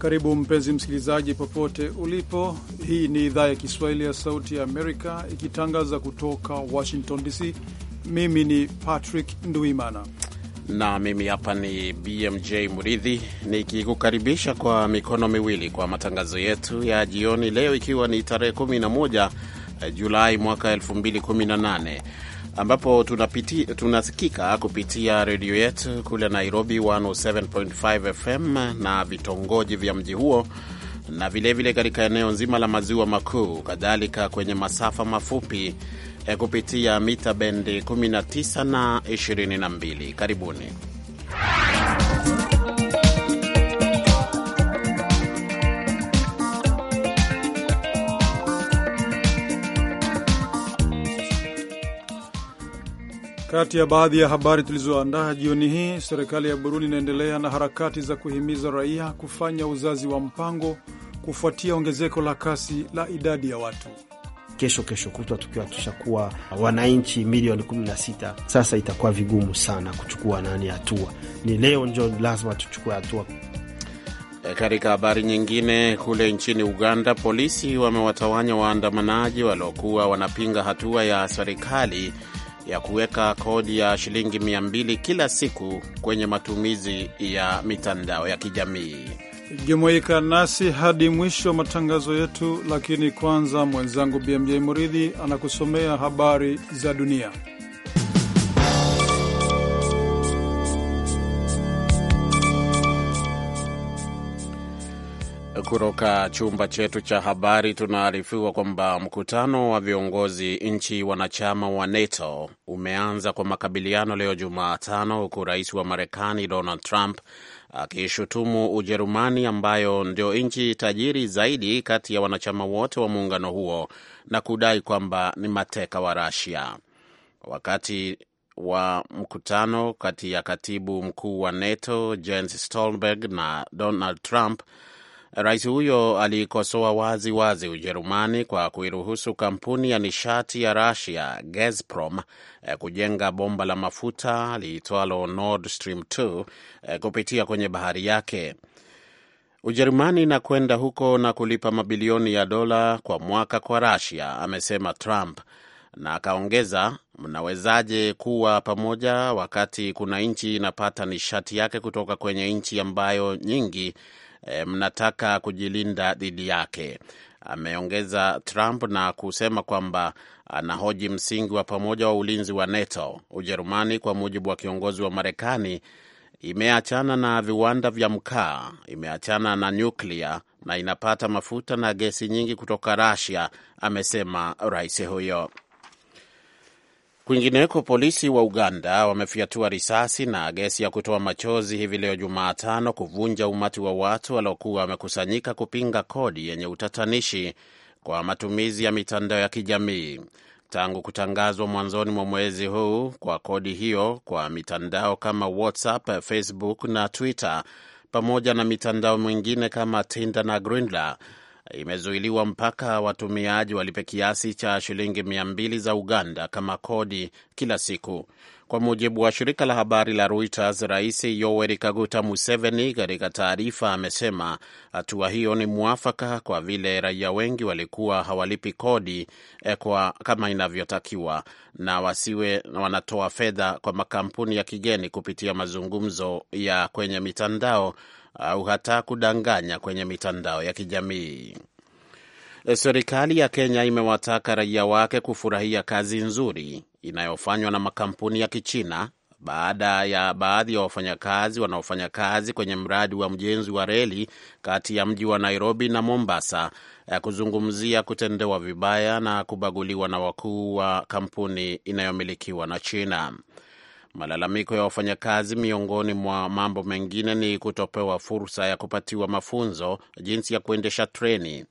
Karibu mpenzi msikilizaji, popote ulipo. Hii ni idhaa ya Kiswahili ya Sauti ya Amerika ikitangaza kutoka Washington DC. Mimi ni Patrick Nduimana na mimi hapa ni BMJ Muridhi nikikukaribisha kwa mikono miwili kwa matangazo yetu ya jioni leo, ikiwa ni tarehe 11 eh, Julai mwaka 2018 ambapo tunapiti, tunasikika kupitia redio yetu kule Nairobi 107.5 FM na vitongoji vya mji huo na vilevile katika eneo nzima la maziwa makuu, kadhalika kwenye masafa mafupi eh, kupitia mita bendi 19 na 22. Karibuni. Kati ya baadhi ya habari tulizoandaa jioni hii, serikali ya Burundi inaendelea na harakati za kuhimiza raia kufanya uzazi wa mpango kufuatia ongezeko la kasi la idadi ya watu. Kesho kesho kutwa tukiwa tushakuwa wananchi milioni 16, sasa itakuwa vigumu sana kuchukua nani hatua. Ni leo njo lazima tuchukue hatua. E, katika habari nyingine, kule nchini Uganda, polisi wamewatawanya waandamanaji waliokuwa wanapinga hatua ya serikali ya kuweka kodi ya shilingi 200 kila siku kwenye matumizi ya mitandao ya kijamii. Jumuika nasi hadi mwisho wa matangazo yetu, lakini kwanza mwenzangu BMJ Muridhi anakusomea habari za dunia. kutoka chumba chetu cha habari tunaarifiwa kwamba mkutano wa viongozi nchi wanachama wa NATO umeanza kwa makabiliano leo Jumatano, huku rais wa Marekani Donald Trump akiishutumu Ujerumani ambayo ndio nchi tajiri zaidi kati ya wanachama wote wa muungano huo na kudai kwamba ni mateka wa Rasia. Wakati wa mkutano kati ya katibu mkuu wa NATO Jens Stoltenberg na Donald Trump, Rais huyo aliikosoa wazi wazi Ujerumani kwa kuiruhusu kampuni ya nishati ya Russia Gazprom eh, kujenga bomba la mafuta liitwalo Nord Stream 2 eh, kupitia kwenye bahari yake. Ujerumani inakwenda huko na kulipa mabilioni ya dola kwa mwaka kwa Russia, amesema Trump na akaongeza, mnawezaje kuwa pamoja wakati kuna nchi inapata nishati yake kutoka kwenye nchi ambayo nyingi e, mnataka kujilinda dhidi yake. Ameongeza Trump na kusema kwamba anahoji msingi wa pamoja wa ulinzi wa NATO. Ujerumani, kwa mujibu wa kiongozi wa Marekani, imeachana na viwanda vya mkaa, imeachana na nyuklia na inapata mafuta na gesi nyingi kutoka Russia, amesema rais huyo. Kwingineko, polisi wa Uganda wamefyatua risasi na gesi ya kutoa machozi hivi leo Jumatano kuvunja umati wa watu waliokuwa wamekusanyika kupinga kodi yenye utatanishi kwa matumizi ya mitandao ya kijamii. Tangu kutangazwa mwanzoni mwa mwezi huu kwa kodi hiyo kwa mitandao kama WhatsApp, Facebook na Twitter pamoja na mitandao mingine kama Tinder na Grindr, imezuiliwa mpaka watumiaji walipe kiasi cha shilingi mia mbili za Uganda kama kodi kila siku. Kwa mujibu wa shirika la habari la Reuters, Rais Yoweri Kaguta Museveni katika taarifa amesema hatua hiyo ni mwafaka kwa vile raia wengi walikuwa hawalipi kodi eh, kwa kama inavyotakiwa na wasiwe wanatoa fedha kwa makampuni ya kigeni kupitia mazungumzo ya kwenye mitandao au hata kudanganya kwenye mitandao ya kijamii. Serikali ya Kenya imewataka raia wake kufurahia kazi nzuri inayofanywa na makampuni ya Kichina baada ya baadhi ya wafanyakazi wanaofanya kazi kwenye mradi wa mjenzi wa reli kati ya mji wa Nairobi na Mombasa ya eh, kuzungumzia kutendewa vibaya na kubaguliwa na wakuu wa kampuni inayomilikiwa na China. Malalamiko ya wafanyakazi, miongoni mwa mambo mengine, ni kutopewa fursa ya kupatiwa mafunzo jinsi ya kuendesha treni.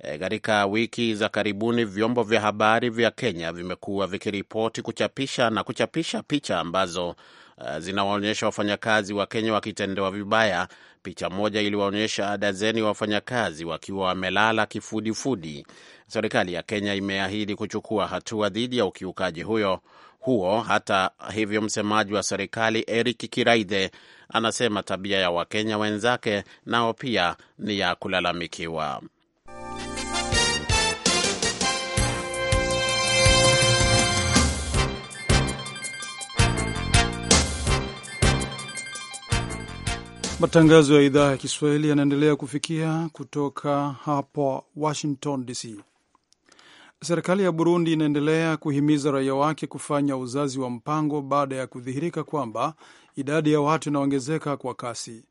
E, katika e, wiki za karibuni vyombo vya habari vya Kenya vimekuwa vikiripoti kuchapisha na kuchapisha picha ambazo uh, zinawaonyesha wafanyakazi wa Kenya wakitendewa vibaya. Picha moja iliwaonyesha dazeni wafanyakazi wakiwa wamelala kifudifudi. Serikali ya Kenya imeahidi kuchukua hatua dhidi ya ukiukaji huyo huo. Hata hivyo, msemaji wa serikali Eric Kiraithe anasema tabia ya Wakenya wenzake nao pia ni ya kulalamikiwa. Matangazo ya idhaa ya Kiswahili yanaendelea kufikia kutoka hapa Washington DC. Serikali ya Burundi inaendelea kuhimiza raia wake kufanya uzazi wa mpango baada ya kudhihirika kwamba idadi ya watu inaongezeka kwa kasi,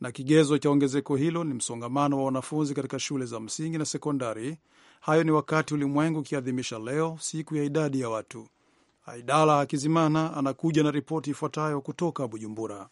na kigezo cha ongezeko hilo ni msongamano wa wanafunzi katika shule za msingi na sekondari. Hayo ni wakati ulimwengu ukiadhimisha leo siku ya idadi ya watu. Aidala Hakizimana anakuja na ripoti ifuatayo kutoka Bujumbura.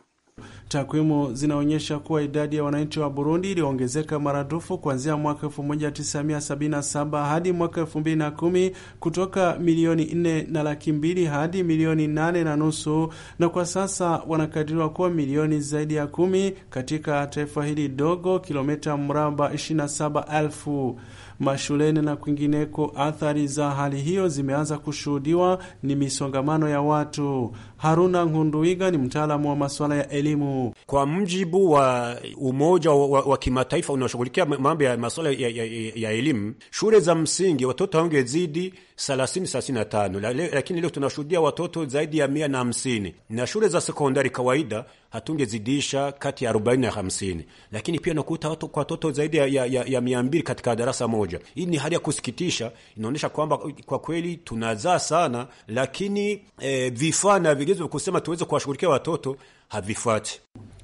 Takwimu zinaonyesha kuwa idadi ya wananchi wa Burundi iliongezeka maradufu kuanzia mwaka 1977 hadi mwaka 2010 kutoka milioni 4 na laki 2 hadi milioni 8 na nusu, na kwa sasa wanakadiriwa kuwa milioni zaidi ya kumi katika taifa hili dogo, kilomita mraba 27,000. Mashuleni na kwingineko, athari za hali hiyo zimeanza kushuhudiwa, ni misongamano ya watu. Haruna Nkunduiga ni mtaalamu wa masuala ya elimu. Kwa mjibu wa Umoja wa, wa, wa Kimataifa unaoshughulikia mambo ya masuala ya, ya, ya elimu, shule za msingi watoto hawangezidi 30 35, lakini leo tunashuhudia watoto zaidi ya 150 na shule za sekondari kawaida hatungezidisha kati ya 40 na 50, lakini pia nakuta watu, kwa watoto zaidi ya, ya, ya 200 katika darasa moja. Hii ni hali ya kusikitisha, inaonyesha kwamba kwa kweli tunazaa sana, lakini eh, vifaa na vigezo kusema tuweze kuwashughulikia watoto havifuati.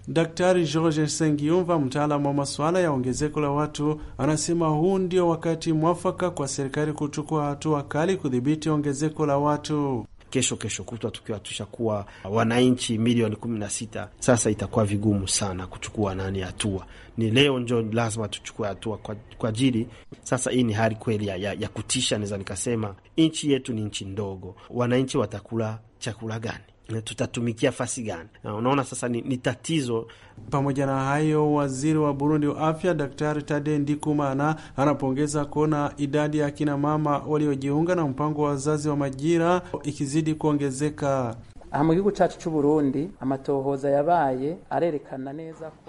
Daktari George Sengiumva, mtaalamu wa masuala ya ongezeko la watu, anasema huu ndio wakati mwafaka kwa serikali kuchukua hatua kali kudhibiti ongezeko la watu. Kesho kesho kutwa tukiwa tushakuwa wananchi milioni kumi na sita, sasa itakuwa vigumu sana kuchukua nani hatua. Ni leo njo lazima tuchukue hatua kwa ajili sasa. Hii ni hali kweli ya, ya kutisha. Naweza nikasema nchi yetu ni nchi ndogo, wananchi watakula chakula gani? Eh, tutatumikia fasi gani? Eh, unaona, sasa ni, ni tatizo. Pamoja na hayo, waziri wa Burundi wa afya Daktari Tade Ndikumana anapongeza kuona idadi ya akinamama waliojiunga na mpango wa wazazi wa majira ikizidi kuongezeka. Aha mu gihugu amatohoza yabaye arerekana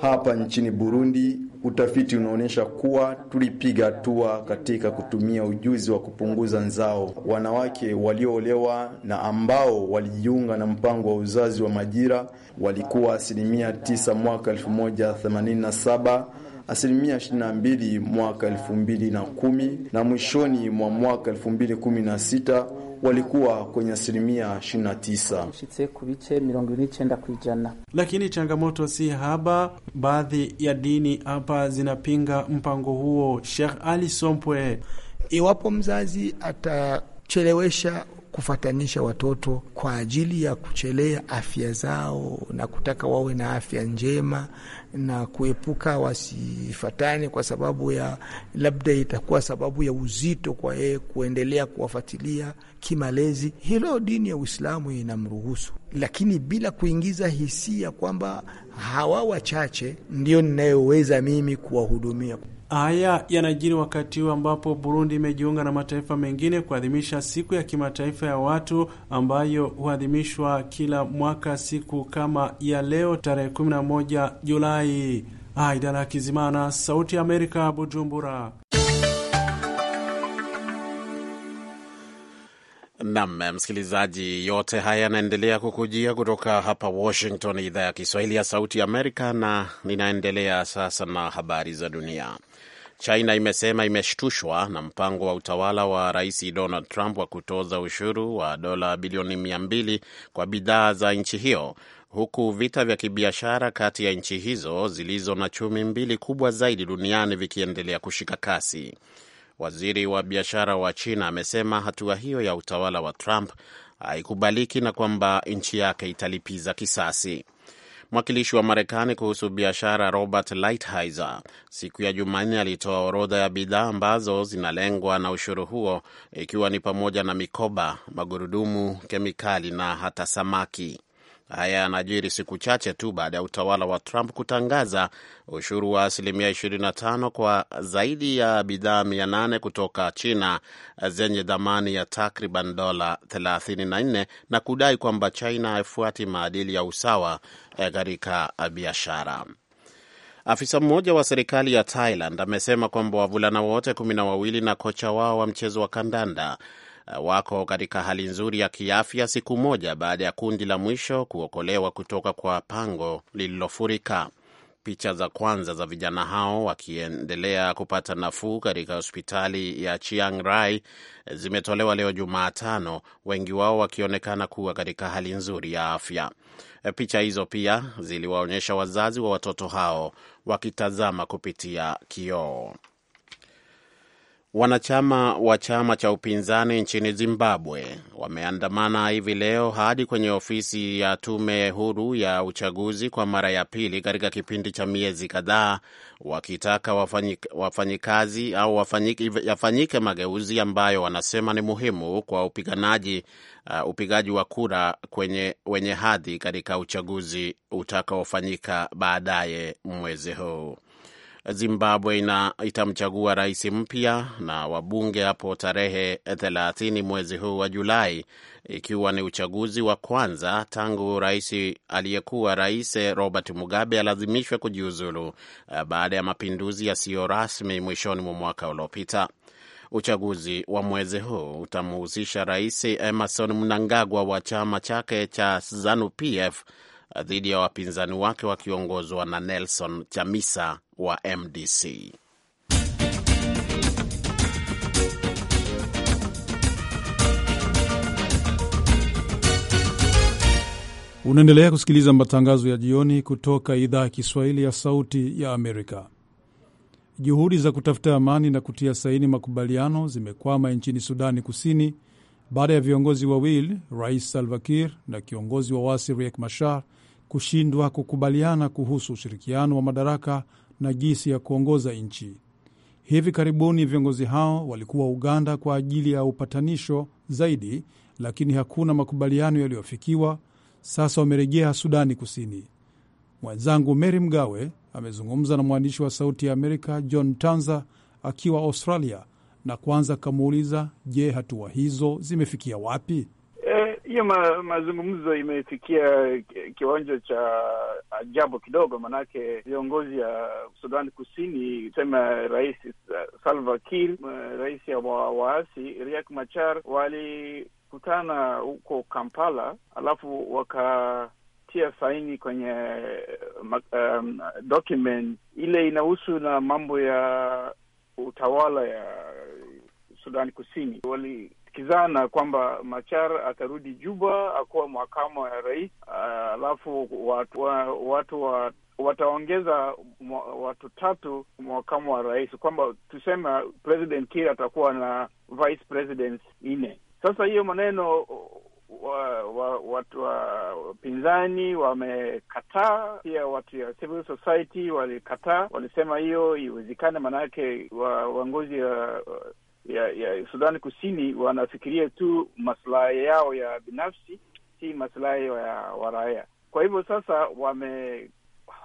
hapa nchini Burundi utafiti unaonyesha kuwa tulipiga hatua katika kutumia ujuzi wa kupunguza nzao. Wanawake walioolewa na ambao walijiunga na mpango wa uzazi wa majira walikuwa asilimia 9 mwaka 1987 asilimia 22 mwaka 2010 na mwishoni mwa mwaka 2016 walikuwa kwenye asilimia 29. Lakini changamoto si haba. Baadhi ya dini hapa zinapinga mpango huo. Sheikh Ali Sompwe, iwapo mzazi atachelewesha kufatanisha watoto kwa ajili ya kuchelea afya zao na kutaka wawe na afya njema na kuepuka wasifatane kwa sababu ya labda itakuwa sababu ya uzito kwa yeye kuendelea kuwafatilia kimalezi. Hilo dini ya Uislamu inamruhusu, lakini bila kuingiza hisia kwamba hawa wachache ndio ninayoweza mimi kuwahudumia. Haya yanajiri wakati huu ambapo Burundi imejiunga na mataifa mengine kuadhimisha siku ya kimataifa ya watu ambayo huadhimishwa kila mwaka siku kama ya leo tarehe 11 Julai. Aida la Kizimana, Sauti ya Amerika, Bujumbura. Nam msikilizaji, yote haya yanaendelea kukujia kutoka hapa Washington, idhaa ya Kiswahili ya Sauti ya Amerika, na ninaendelea sasa na habari za dunia. China imesema imeshtushwa na mpango wa utawala wa Rais Donald Trump wa kutoza ushuru wa dola bilioni 200 kwa bidhaa za nchi hiyo huku vita vya kibiashara kati ya nchi hizo zilizo na chumi mbili kubwa zaidi duniani vikiendelea kushika kasi. Waziri wa biashara wa China amesema hatua hiyo ya utawala wa Trump haikubaliki na kwamba nchi yake italipiza kisasi. Mwakilishi wa Marekani kuhusu biashara Robert Lighthizer siku ya Jumanne alitoa orodha ya bidhaa ambazo zinalengwa na ushuru huo, ikiwa ni pamoja na mikoba, magurudumu, kemikali na hata samaki. Haya yanajiri siku chache tu baada ya utawala wa Trump kutangaza ushuru wa asilimia 25 kwa zaidi ya bidhaa 8 kutoka China zenye dhamani ya takriban dola 34 na kudai kwamba China haifuati maadili ya usawa eh, katika biashara. Afisa mmoja wa serikali ya Thailand amesema kwamba wavulana wote kumi na wawili na kocha wao wa mchezo wa kandanda Uh, wako katika hali nzuri ya kiafya siku moja baada ya kundi la mwisho kuokolewa kutoka kwa pango lililofurika. Picha za kwanza za vijana hao wakiendelea kupata nafuu katika hospitali ya Chiang Rai eh, zimetolewa leo Jumatano, wengi wao wakionekana kuwa katika hali nzuri ya afya. Eh, picha hizo pia ziliwaonyesha wazazi wa watoto hao wakitazama kupitia kioo. Wanachama wa chama cha upinzani nchini Zimbabwe wameandamana hivi leo hadi kwenye ofisi ya tume huru ya uchaguzi kwa mara ya pili katika kipindi cha miezi kadhaa, wakitaka wafanyikazi au yafanyike mageuzi ambayo wanasema ni muhimu kwa upiganaji uh, upigaji wa kura kwenye wenye hadhi katika uchaguzi utakaofanyika baadaye mwezi huu. Zimbabwe ina itamchagua rais mpya na wabunge hapo tarehe 30 mwezi huu wa Julai, ikiwa ni uchaguzi wa kwanza tangu rais aliyekuwa rais Robert Mugabe alazimishwe kujiuzulu eh, baada ya mapinduzi yasiyo rasmi mwishoni mwa mwaka uliopita. Uchaguzi wa mwezi huu utamhusisha rais Emerson Mnangagwa wa chama chake cha Zanu PF dhidi ya wapinzani wake wakiongozwa na Nelson Chamisa wa MDC. Unaendelea kusikiliza matangazo ya jioni kutoka idhaa ya Kiswahili ya Sauti ya Amerika. Juhudi za kutafuta amani na kutia saini makubaliano zimekwama nchini Sudani Kusini baada ya viongozi wawili, Rais Salva Kiir na kiongozi wa wasi Riek Machar kushindwa kukubaliana kuhusu ushirikiano wa madaraka na jinsi ya kuongoza nchi. Hivi karibuni viongozi hao walikuwa Uganda kwa ajili ya upatanisho zaidi, lakini hakuna makubaliano yaliyofikiwa. Sasa wamerejea Sudani Kusini. Mwenzangu Mary Mgawe amezungumza na mwandishi wa Sauti ya Amerika John Tanza akiwa Australia, na kwanza akamuuliza, je, hatua hizo zimefikia wapi? hiyo ma, mazungumzo imefikia kiwanja cha ajabu kidogo, manake viongozi ya Sudan Kusini sema Rais uh, Salva Kiir, uh, rais wa waasi Riek Machar walikutana huko Kampala, alafu waka tia saini kwenye um, document ile inahusu na mambo ya utawala ya sudani Kusini wali kizana kwamba Machar atarudi Juba akuwa mwakama ya rais, ah, alafu watu wa, watu wa wataongeza watu tatu mwakamu wa rais, kwamba tuseme President Kiir atakuwa na vice president nne. Sasa hiyo maneno wa, wa, wa, wa wamekataa, pia watu ya civil society walikataa, walisema hiyo iwezekane, maanayake waongozi wa ya, ya Sudani Kusini wanafikiria tu maslahi yao ya binafsi, si maslahi ya waraia. Kwa hivyo sasa wame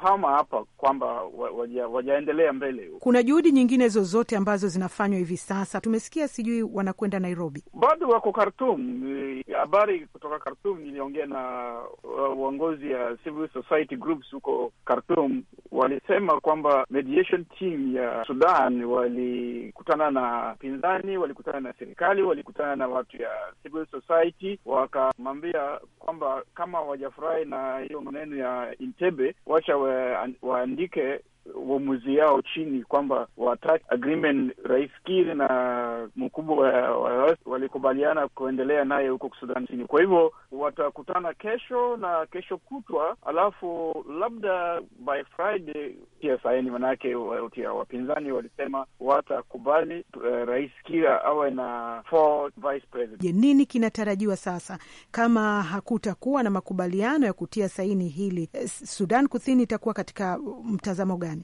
hama hapa kwamba waja, wajaendelea mbele. Kuna juhudi nyingine zozote ambazo zinafanywa hivi sasa? Tumesikia sijui wanakwenda Nairobi, bado wako Khartoum. Habari kutoka Khartoum, niliongea na uh, uongozi ya civil society groups huko Khartoum, walisema kwamba mediation team ya Sudan walikutana na pinzani, walikutana na serikali, walikutana na watu ya civil society, wakamwambia kwamba kama wajafurahi na hiyo maneno ya Intebe wacha waandike uamuzi yao chini kwamba wataki agreement. Rais Kiir na mkubwa wa walikubaliana kuendelea naye huko Sudan chini. Kwa hivyo watakutana kesho na kesho kutwa, alafu labda by Friday tia saini, manake tia wapinzani walisema watakubali uh, Rais Kiir awe na four vice president. Je, nini kinatarajiwa sasa kama hakutakuwa na makubaliano ya kutia saini hili? Eh, Sudan Kusini itakuwa katika mtazamo gani?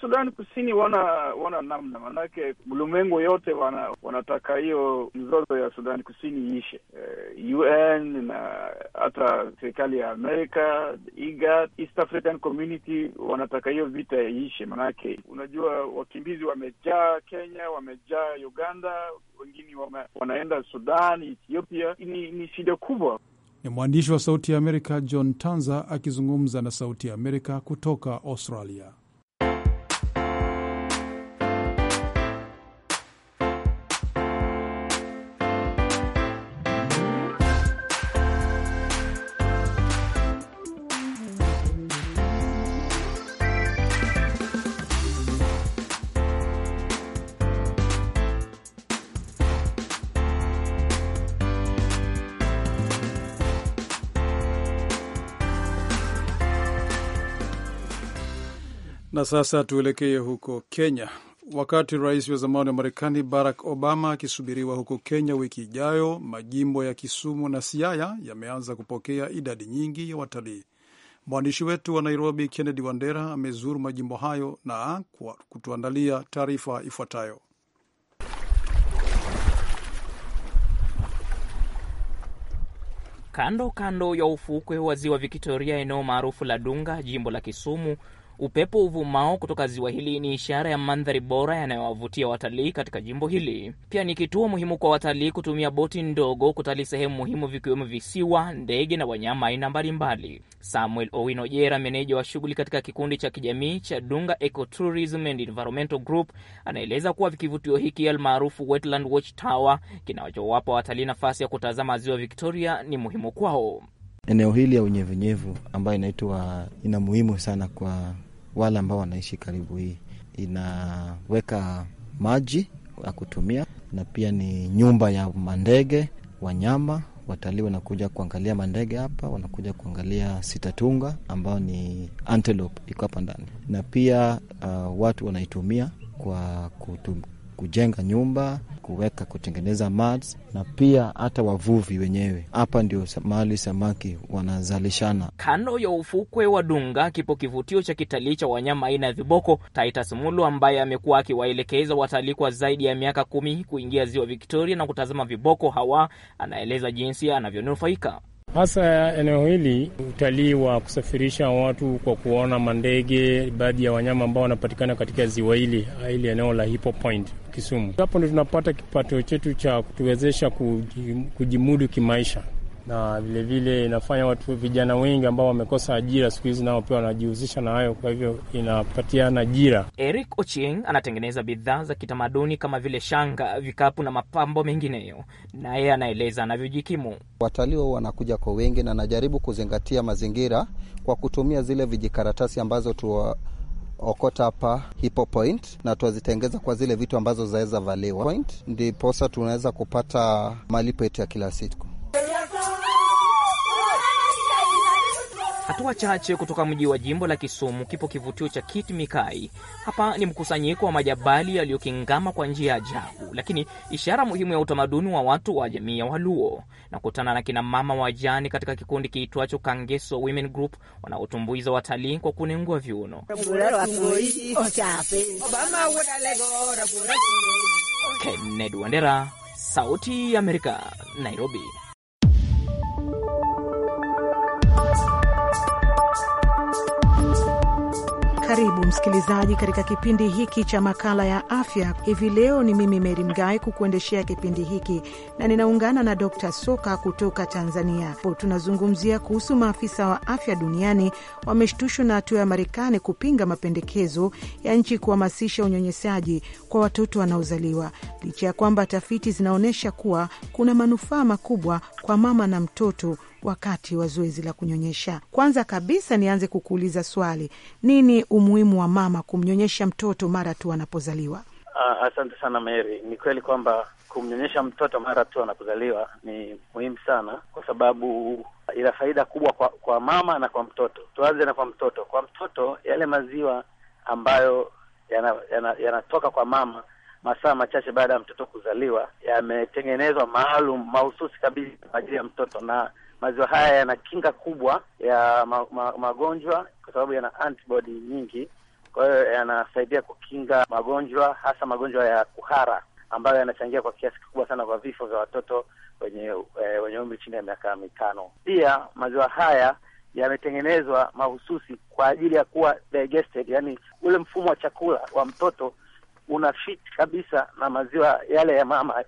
Sudani Kusini wana wana namna, maanake ulimwengu yote wana, wanataka hiyo mzozo ya Sudani Kusini iishe. Uh, eh, UN na hata serikali ya Amerika, IGAD, East African Community wanataka hiyo vita iishe, maanake unajua wakimbizi wamejaa Kenya, wamejaa Uganda, wengine wame, wanaenda Sudan, Ethiopia. Ni, ni shida kubwa. Ni mwandishi wa Sauti ya Amerika John Tanza akizungumza na Sauti ya Amerika kutoka Australia. sasa tuelekee huko Kenya. Wakati rais wa zamani wa Marekani Barack Obama akisubiriwa huko Kenya wiki ijayo, majimbo ya Kisumu na Siaya yameanza kupokea idadi nyingi ya watalii. Mwandishi wetu wa Nairobi Kennedy Wandera amezuru majimbo hayo na kutuandalia taarifa ifuatayo. Kando kando ya ufukwe wa ziwa Viktoria, eneo maarufu la Dunga, jimbo la Kisumu Upepo uvumao kutoka ziwa hili ni ishara ya mandhari bora yanayowavutia watalii katika jimbo hili. Pia ni kituo muhimu kwa watalii kutumia boti ndogo kutalii sehemu muhimu, vikiwemo visiwa, ndege na wanyama aina mbalimbali. Samuel Owino Jera, meneja wa shughuli katika kikundi cha kijamii cha Dunga Ecotourism and Environmental Group, anaeleza kuwa kivutio hiki almaarufu Wetland Watch Tower kinachowapa watalii nafasi ya kutazama ziwa Victoria ni muhimu kwao. Eneo hili ya unyevunyevu ambayo inaitwa ina muhimu sana kwa wale ambao wanaishi karibu. Hii inaweka maji ya kutumia na pia ni nyumba ya mandege, wanyama watalii wanakuja kuangalia mandege hapa, wanakuja kuangalia sitatunga ambao ni antelope iko hapa ndani, na pia uh, watu wanaitumia kwa kutum, kujenga nyumba, kuweka, kutengeneza mats, na pia hata wavuvi wenyewe. Hapa ndio mahali samaki wanazalishana. Kando ya ufukwe wa Dunga kipo kivutio cha kitalii cha wanyama aina ya viboko. Titus Mulu ambaye amekuwa akiwaelekeza watalii kwa zaidi ya miaka kumi kuingia ziwa Victoria na kutazama viboko hawa, anaeleza jinsi anavyonufaika. Hasa eneo hili utalii wa kusafirisha watu kwa kuona mandege, baadhi ya wanyama ambao wanapatikana katika ziwa hili, hili eneo la Hippo Point Kisumu. Hapo ndo tunapata kipato chetu cha kutuwezesha kujimudu kimaisha na vilevile inafanya watu vijana wengi ambao wamekosa ajira siku hizi nao pia wanajihusisha na hayo, kwa hivyo inapatiana ajira. Eric Ochieng anatengeneza bidhaa za kitamaduni kama vile shanga, vikapu na mapambo mengineyo, naye anaeleza anavyojikimu. Watalii wanakuja kwa wengi, na anajaribu kuzingatia mazingira kwa kutumia zile vijikaratasi ambazo tuwa okota hapa hipo Point na tuwazitengeza kwa zile vitu ambazo zaweza valiwa point, ndiposa tunaweza kupata malipo yetu ya kila siku. Hatua chache kutoka mji wa jimbo la Kisumu kipo kivutio cha Kit Mikai. Hapa ni mkusanyiko wa majabali yaliyokingama kwa njia ya ajabu, lakini ishara muhimu ya utamaduni wa watu wa jamii ya Waluo. Nakutana na kina mama wajani katika kikundi kiitwacho Kangeso Women Group wanaotumbuiza watalii kwa kunengua viuno. Kennedy Wandera, Sauti ya Amerika, Nairobi. Karibu msikilizaji katika kipindi hiki cha makala ya afya. Hivi leo ni mimi Meri Mgae kukuendeshea kipindi hiki na ninaungana na Dr Soka kutoka Tanzania. Tunazungumzia kuhusu maafisa wa afya duniani wameshtushwa na hatua ya Marekani kupinga mapendekezo ya nchi kuhamasisha unyonyesaji kwa watoto wanaozaliwa, licha ya kwamba tafiti zinaonyesha kuwa kuna manufaa makubwa kwa mama na mtoto wakati wa zoezi la kunyonyesha. Kwanza kabisa, nianze kukuuliza swali, nini umuhimu wa mama kumnyonyesha mtoto mara tu anapozaliwa? Uh, asante sana Mary. Ni kweli kwamba kumnyonyesha mtoto mara tu anapozaliwa ni muhimu sana, kwa sababu ina faida kubwa kwa, kwa mama na kwa mtoto. Tuanze na kwa mtoto. Kwa mtoto, yale maziwa ambayo yanatoka yana, yana kwa mama masaa machache baada ya mtoto kuzaliwa yametengenezwa maalum mahususi kabisa kwa ajili ya mtoto, na maziwa haya yana kinga kubwa ya ma, ma, magonjwa kwa sababu yana antibody nyingi, kwa hiyo yanasaidia kukinga magonjwa, hasa magonjwa ya kuhara ambayo yanachangia kwa kiasi kikubwa sana kwa vifo vya watoto wenye e, wenye umri chini ya miaka mitano. Pia maziwa haya yametengenezwa mahususi kwa ajili ya kuwa digested, yani ule mfumo wa chakula wa mtoto una fit kabisa na maziwa yale ya mama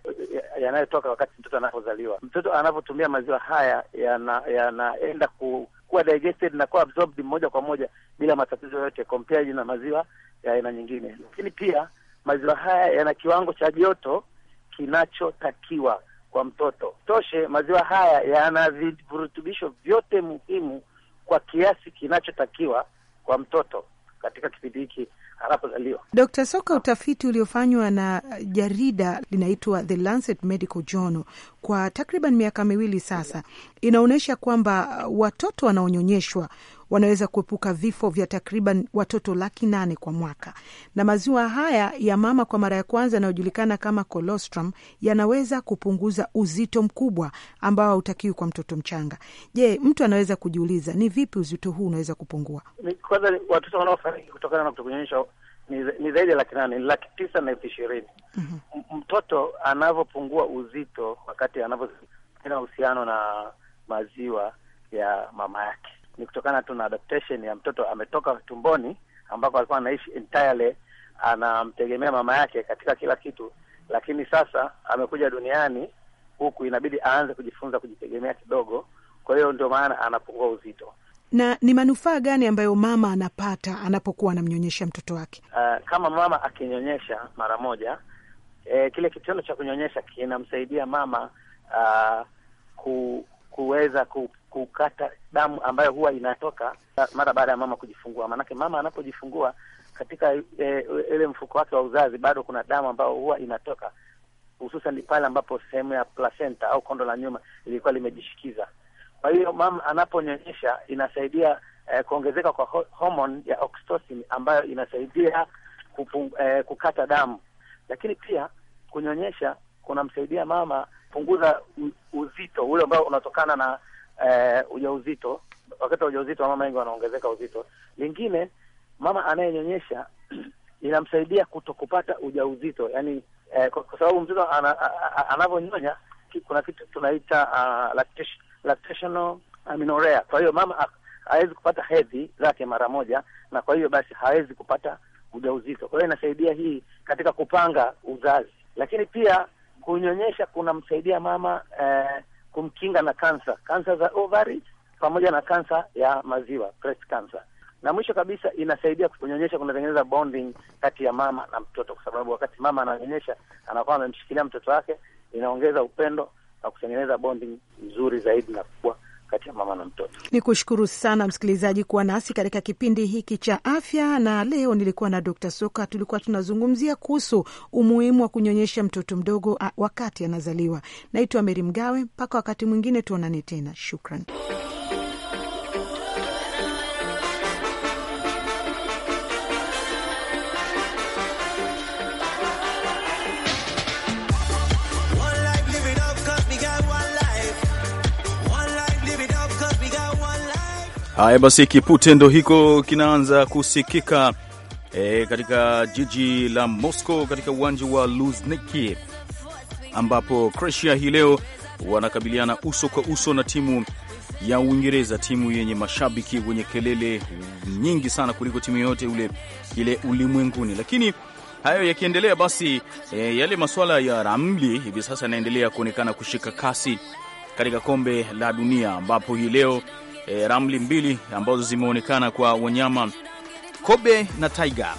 yanayotoka wakati mtoto anapozaliwa. Mtoto anapotumia maziwa haya yanaenda ya ku, kuwa digested na kuwa absorbed moja kwa moja bila matatizo yoyote compared na maziwa ya aina nyingine. Lakini pia maziwa haya yana kiwango cha joto kinachotakiwa kwa mtoto. Toshe, maziwa haya yana virutubisho vyote muhimu kwa kiasi kinachotakiwa kwa mtoto katika kipindi hiki anapozaliwa. Dkt. Soka, utafiti uliofanywa na jarida linaitwa The Lancet Medical Journal kwa takriban miaka miwili sasa inaonyesha kwamba watoto wanaonyonyeshwa wanaweza kuepuka vifo vya takriban watoto laki nane kwa mwaka, na maziwa haya ya mama kwa mara ya kwanza yanayojulikana kama colostrum yanaweza kupunguza uzito mkubwa ambao hautakiwi kwa mtoto mchanga. Je, mtu anaweza kujiuliza ni vipi uzito huu unaweza kupungua? Kwanza watoto wanaofariki kutokana na kutokunyonyesha ni zaidi ya laki nane, ni laki tisa na elfu ishirini. Mhm. Mtoto anavyopungua uzito wakati anavyoina uhusiano na maziwa ya mama yake ni kutokana tu na adaptation ya mtoto ametoka tumboni ambako alikuwa anaishi entirely, anamtegemea mama yake katika kila kitu, lakini sasa amekuja duniani huku, inabidi aanze kujifunza kujitegemea kidogo. Kwa hiyo ndio maana anapungua uzito. Na ni manufaa gani ambayo mama anapata anapokuwa anamnyonyesha mtoto wake? Uh, kama mama akinyonyesha mara moja, eh, kile kitendo cha kunyonyesha kinamsaidia mama uh, ku, kuweza ku, kukata damu ambayo huwa inatoka mara baada ya mama kujifungua. Maanake mama anapojifungua katika eh, ile e, mfuko wake wa uzazi bado kuna damu ambayo huwa inatoka, hususan pale ambapo sehemu ya placenta au kondo la nyuma ilikuwa limejishikiza. Kwa hiyo mama anaponyonyesha inasaidia e, kuongezeka kwa ho ya oxytocin ambayo inasaidia kupung, e, kukata damu, lakini pia kunyonyesha kunamsaidia mama punguza uzito ule ambao unatokana na eh, ujauzito. Wakati wa ujauzito mama wengi wanaongezeka uzito. Lingine, mama anayenyonyesha inamsaidia kutokupata ujauzito, yani eh, kwa sababu mtoto anavyonyonya kuna kitu tunaita uh, lactation, lactational aminorea. Kwa hiyo mama hawezi kupata hedhi zake mara moja, na kwa hiyo basi hawezi kupata ujauzito. Kwa hiyo inasaidia hii katika kupanga uzazi, lakini pia kunyonyesha kunamsaidia mama eh, kumkinga na kansa, kansa za ovary pamoja na kansa ya maziwa, breast cancer. Na mwisho kabisa, inasaidia kunyonyesha, kunatengeneza bonding kati ya mama na mtoto, kwa sababu wakati mama ananyonyesha anakuwa amemshikilia mtoto wake, inaongeza upendo na kutengeneza bonding nzuri zaidi na kubwa kati ya mama na mtoto. Ni kushukuru sana msikilizaji kuwa nasi katika kipindi hiki cha afya, na leo nilikuwa na Dr. Soka. Tulikuwa tunazungumzia kuhusu umuhimu wa kunyonyesha mtoto mdogo wakati anazaliwa. Naitwa Meri Mgawe, mpaka wakati mwingine tuonane tena, shukran. Haya basi, kiputendo hiko kinaanza kusikika e, katika jiji la Moscow katika uwanja wa Luzhniki ambapo Croatia hii leo wanakabiliana uso kwa uso na timu ya Uingereza, timu yenye mashabiki wenye kelele nyingi sana kuliko timu yoyote ule ile ulimwenguni. Lakini hayo yakiendelea, basi e, yale masuala ya ramli hivi sasa yanaendelea kuonekana kushika kasi katika kombe la dunia ambapo hii leo e, ramli mbili ambazo zimeonekana kwa wanyama kobe na taiga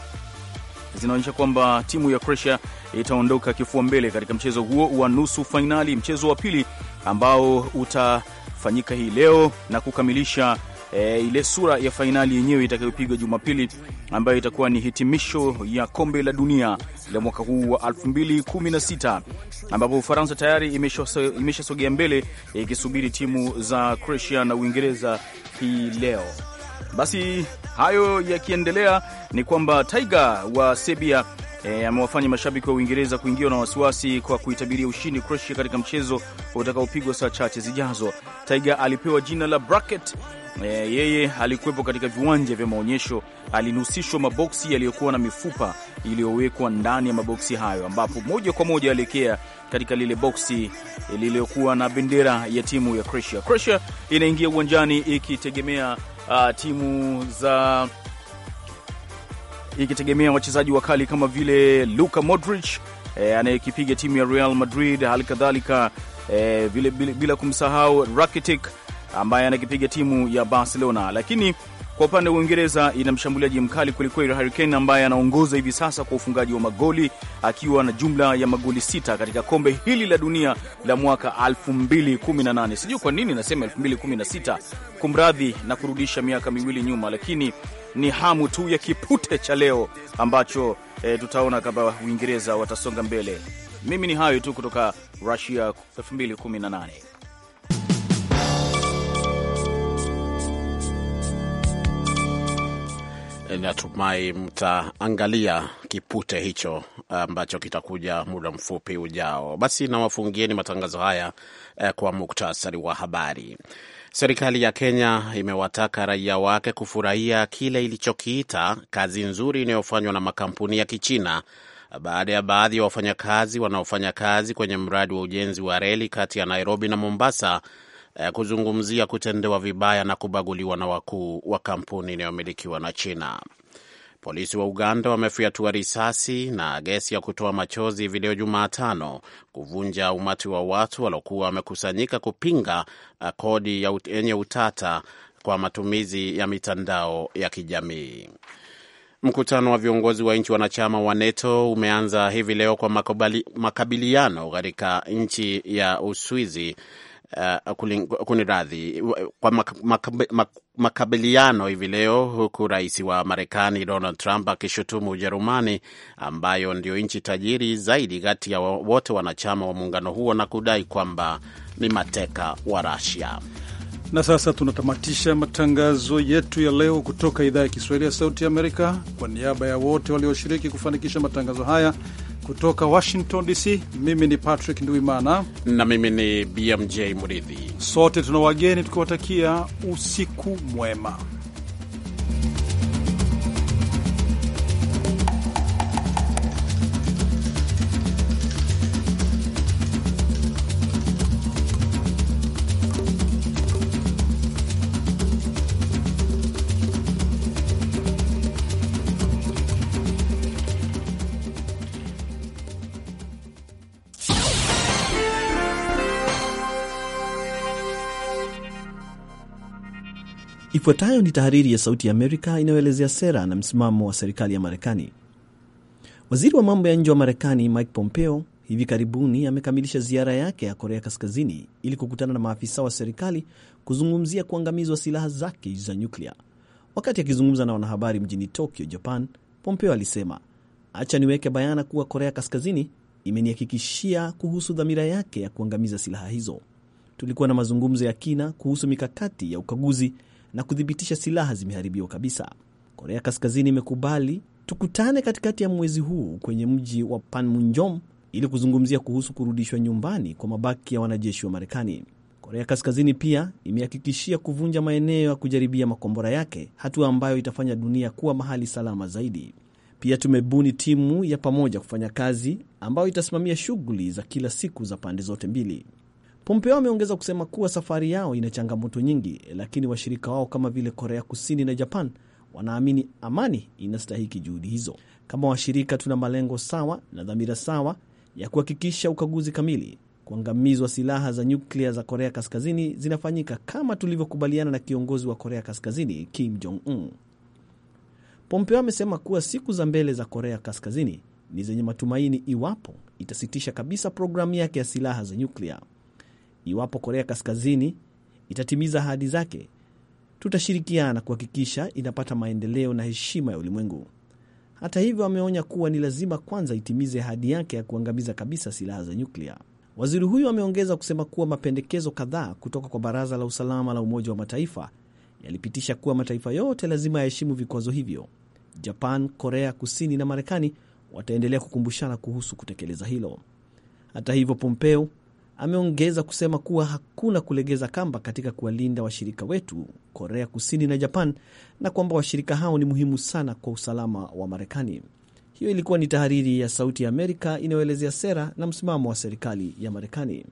zinaonyesha kwamba timu ya Croatia itaondoka kifua mbele katika mchezo huo wa nusu fainali, mchezo wa pili ambao utafanyika hii leo na kukamilisha e, ile sura ya fainali yenyewe itakayopigwa Jumapili, ambayo itakuwa ni hitimisho ya kombe la dunia la mwaka huu wa 2016 ambapo Ufaransa tayari imeshasogea mbele ikisubiri timu za Croatia na Uingereza hii leo. Basi hayo yakiendelea, ni kwamba Tiger wa Serbia E, amewafanya mashabiki wa Uingereza kuingiwa na wasiwasi kwa kuitabiria ushindi Croatia katika mchezo utakaopigwa saa chache zijazo. Tiger alipewa jina la Bracket e, yeye alikuwepo katika viwanja vya maonyesho, alinusishwa maboksi yaliyokuwa na mifupa iliyowekwa ndani ya maboksi hayo, ambapo moja kwa moja alielekea katika lile boksi lililokuwa na bendera ya timu ya Croatia. Croatia inaingia uwanjani ikitegemea uh, timu za ikitegemea wachezaji wakali kama vile Luka Modric e, anayekipiga timu ya Real Madrid, hali kadhalika e, bila kumsahau Rakitic ambaye anakipiga timu ya Barcelona, lakini kwa upande wa Uingereza ina mshambuliaji mkali kwelikweli Harry Kane ambaye anaongoza hivi sasa kwa ufungaji wa magoli akiwa na jumla ya magoli sita katika kombe hili la dunia la mwaka 2018. Sijui kwa nini nasema 2016, kumradhi na kurudisha miaka miwili nyuma, lakini ni hamu tu ya kipute cha leo ambacho e, tutaona kama Uingereza watasonga mbele. Mimi ni hayo tu kutoka Russia 2018. Eh, natumai mtaangalia kipute hicho eh, ambacho kitakuja muda mfupi ujao. Basi nawafungieni matangazo haya eh, kwa muktasari wa habari. Serikali ya Kenya imewataka raia wake kufurahia kile ilichokiita kazi nzuri inayofanywa na makampuni ya Kichina baada ya baadhi ya wafanyakazi wanaofanya kazi kwenye mradi wa ujenzi wa reli kati ya Nairobi na Mombasa eh, kuzungumzia kutendewa vibaya na kubaguliwa na wakuu wa kampuni inayomilikiwa na China. Polisi wa Uganda wamefyatua risasi na gesi ya kutoa machozi hivi leo Jumatano kuvunja umati wa watu waliokuwa wamekusanyika kupinga eh, kodi yenye utata kwa matumizi ya mitandao ya kijamii. Mkutano wa viongozi wa nchi wanachama wa NATO umeanza hivi leo kwa makabiliano katika nchi ya Uswizi uh, kuniradhi kwa makabiliano hivi leo, huku rais wa Marekani Donald Trump akishutumu Ujerumani ambayo ndio nchi tajiri zaidi kati ya wote wanachama wa muungano huo na kudai kwamba ni mateka wa Rasia. Na sasa tunatamatisha matangazo yetu ya leo kutoka idhaa ya Kiswahili ya Sauti ya Amerika. Kwa niaba ya wote walioshiriki kufanikisha matangazo haya kutoka Washington DC, mimi ni Patrick Nduimana na mimi ni BMJ mridhi Sote tuna wageni tukiwatakia usiku mwema. Ifuatayo ni tahariri ya Sauti ya Amerika inayoelezea sera na msimamo wa serikali ya Marekani. Waziri wa mambo ya nje wa Marekani Mike Pompeo hivi karibuni amekamilisha ziara yake ya Korea Kaskazini ili kukutana na maafisa wa serikali kuzungumzia kuangamizwa silaha zake za nyuklia. Wakati akizungumza na wanahabari mjini Tokyo, Japan, Pompeo alisema, acha niweke bayana kuwa Korea Kaskazini imenihakikishia kuhusu dhamira yake ya kuangamiza silaha hizo. Tulikuwa na mazungumzo ya kina kuhusu mikakati ya ukaguzi na kuthibitisha silaha zimeharibiwa kabisa. Korea Kaskazini imekubali tukutane katikati ya mwezi huu kwenye mji wa Panmunjom ili kuzungumzia kuhusu kurudishwa nyumbani kwa mabaki ya wanajeshi wa Marekani. Korea Kaskazini pia imehakikishia kuvunja maeneo ya kujaribia makombora yake, hatua ambayo itafanya dunia kuwa mahali salama zaidi. Pia tumebuni timu ya pamoja kufanya kazi ambayo itasimamia shughuli za kila siku za pande zote mbili. Pompeo ameongeza kusema kuwa safari yao ina changamoto nyingi, lakini washirika wao kama vile Korea Kusini na Japan wanaamini amani inastahiki juhudi hizo. Kama washirika, tuna malengo sawa na dhamira sawa ya kuhakikisha ukaguzi kamili, kuangamizwa silaha za nyuklia za Korea Kaskazini zinafanyika kama tulivyokubaliana na kiongozi wa Korea Kaskazini Kim Jong Un. Pompeo amesema kuwa siku za mbele za Korea Kaskazini ni zenye matumaini iwapo itasitisha kabisa programu yake ya silaha za nyuklia. Iwapo Korea Kaskazini itatimiza ahadi zake, tutashirikiana kuhakikisha inapata maendeleo na heshima ya ulimwengu. Hata hivyo, ameonya kuwa ni lazima kwanza itimize ahadi yake ya kuangamiza kabisa silaha za nyuklia. Waziri huyo ameongeza kusema kuwa mapendekezo kadhaa kutoka kwa Baraza la Usalama la Umoja wa Mataifa yalipitisha kuwa mataifa yote lazima yaheshimu vikwazo hivyo. Japan, Korea Kusini na Marekani wataendelea kukumbushana kuhusu kutekeleza hilo. Hata hivyo, Pompeo Ameongeza kusema kuwa hakuna kulegeza kamba katika kuwalinda washirika wetu Korea Kusini na Japan, na kwamba washirika hao ni muhimu sana kwa usalama wa Marekani. Hiyo ilikuwa ni tahariri ya Sauti ya Amerika inayoelezea sera na msimamo wa serikali ya Marekani.